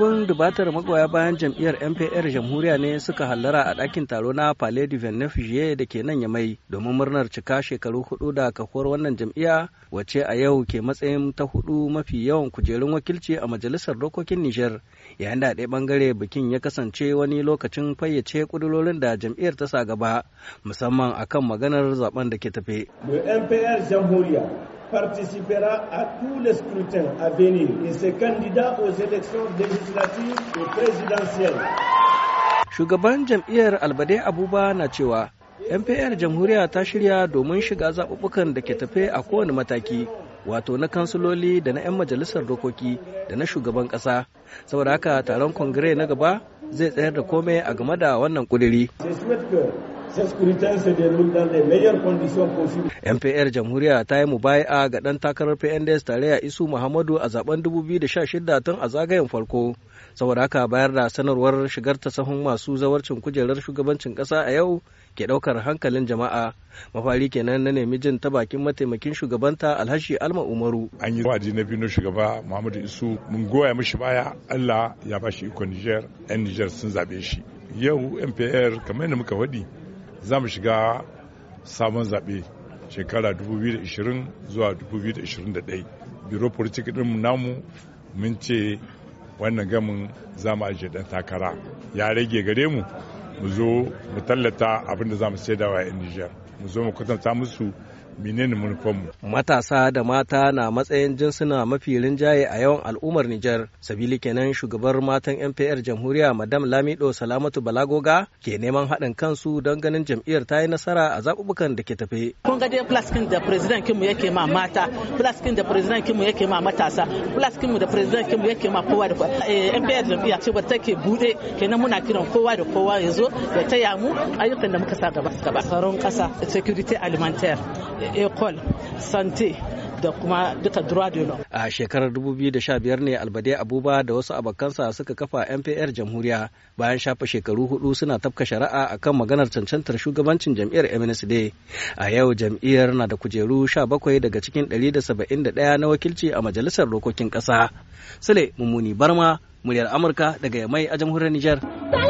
dubun dubatar magoya bayan jam'iyyar mpr jamhuriya ne suka hallara a ɗakin taro na palais du vingt da ke nan yamai domin murnar cika shekaru hudu da kafuwar wannan jam'iyya wacce a yau ke matsayin ta hudu mafi yawan kujerun wakilci a majalisar dokokin nijar yayin da ɗaya bangare bikin ya kasance wani lokacin fayyace kudurorin da jam'iyyar ta sa gaba musamman akan maganar zaben da ke tafe. participera à tous les scrutins à venir et ses candidats aux élections législatives et présidentielles. Shugaban jam'iyyar Albade Abuba na cewa MPR jamhuriya ta shirya domin shiga zaɓuɓɓukan da ke tafe a kowane mataki wato na kansiloli da na 'yan majalisar dokoki da na shugaban ƙasa saboda haka taron kongire na gaba zai tsayar da komai a game da wannan ƙuduri. ce MPR Jamhuriya ta yi mubaya ga ɗan takarar PNDS tarayya Isu Muhammadu a zaben 2016 tun a zagayen farko. Saboda haka bayar da sanarwar shigar ta sahun masu zawarcin kujerar shugabancin ƙasa a yau ke ɗaukar hankalin jama'a. Mafari kenan na nemi jin ta bakin mataimakin shugabanta Alhashi Alma Umaru. An yi wa'adi na biyu na shugaba Muhammadu Isu mun goya mashi baya Allah ya bashi ikon Niger, 'yan Niger sun zaɓe shi. Yau MPR kamar yadda muka faɗi za mu shiga sabon zaɓe shekara 2020 zuwa 2021 biro politik ɗin namu mun ce wannan gamin za mu ajiye ɗan takara ya rage gare mu mu zo mu tallata abin da za mu saidawa 'yan nijar mu zo mu kwatanta musu menene manufanmu. Matasa da mata na matsayin jinsuna mafi rinjaye a yawan al'ummar Nijar. Sabili kenan shugabar matan NPR jamhuriya Madam Lamido Salamatu Balagoga ke neman haɗin kansu don ganin jam'iyyar ta yi nasara a zaɓuɓɓukan da ke tafe. Kun ga dai plaskin da president kinmu yake ma mata, plaskin da president kinmu yake ma matasa, plaskin da president kinmu yake ma kowa da kowa. Eh, NPR jam'iyya ce ba take buɗe kenan muna kiran kowa da kowa ya zo ya taya mu ayyukan da muka sa gaba. Tsaron ƙasa, security alimentaire, ecol sante da kuma duka droit de a shekarar 2015 ne albade abuba da wasu abokansa suka kafa mpr jamhuriya bayan shafa shekaru hudu suna tafka shari'a akan maganar cancantar shugabancin jam'iyyar mnsd a yau jam'iyyar na da kujeru 17 daga cikin 171 na wakilci a majalisar dokokin kasa sule mummuni barma muryar amurka daga yamai a jamhuriyar Nijar.